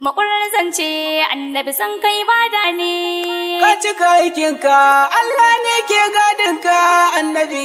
Makurar zance annabi san kai bada ne. Ka cika aikinka, Allah ne ke gadinka annabi.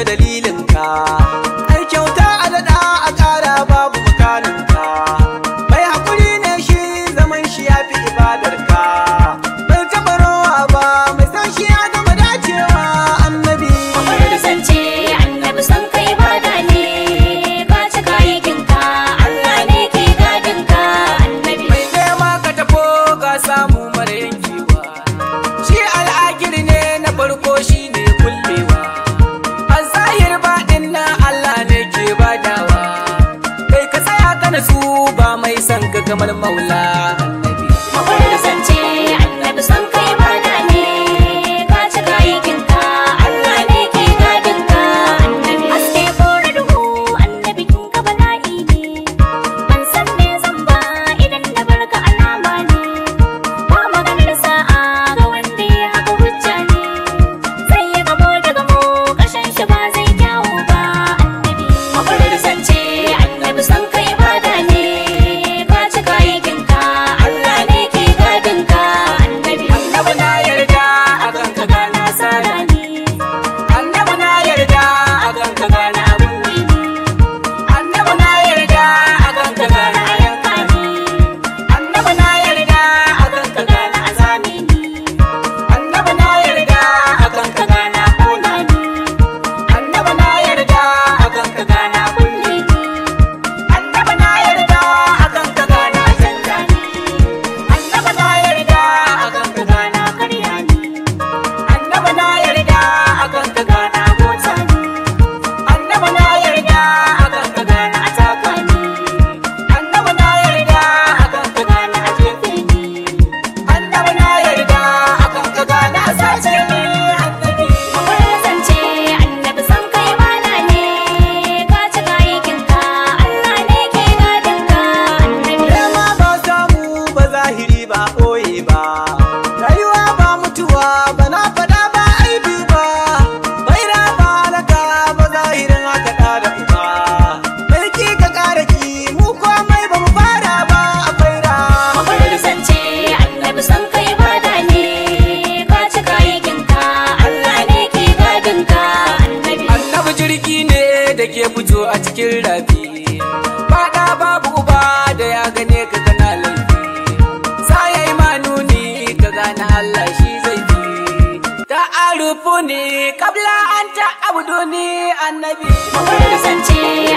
ta dalilin baya ba ba na ba aibi ba bai na falaka ba ɗa da uba mulki ka ki mu komai ba fara ba akwai zance annabi ne allah ne ke annabi jirgi ne da ke fito a cikin rafi annabi. Mu kasance.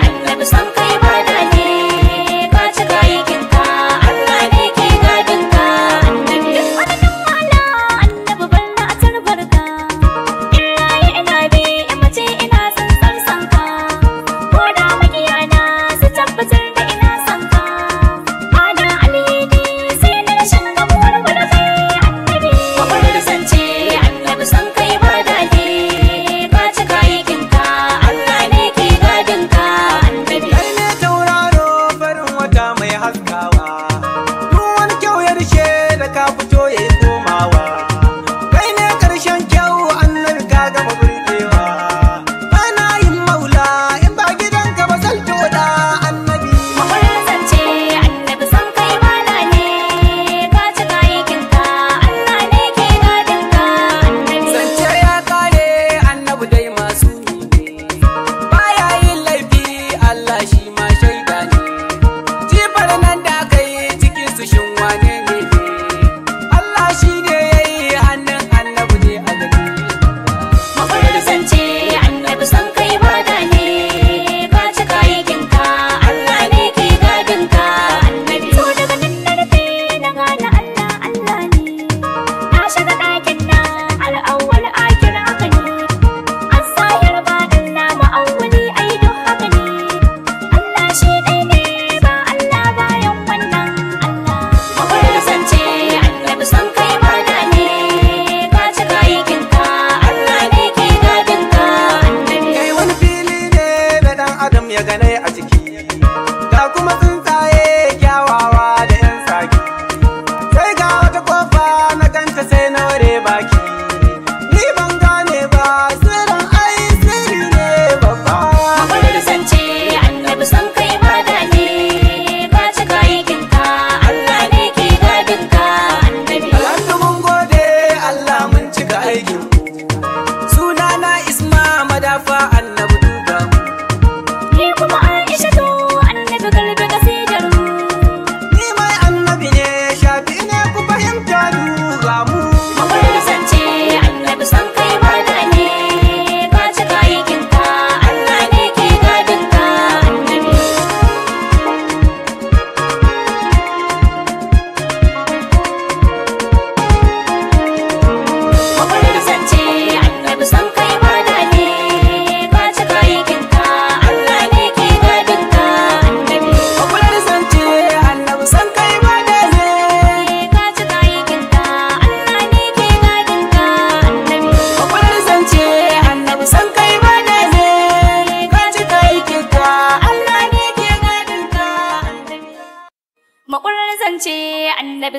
Mustafa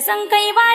生个娃。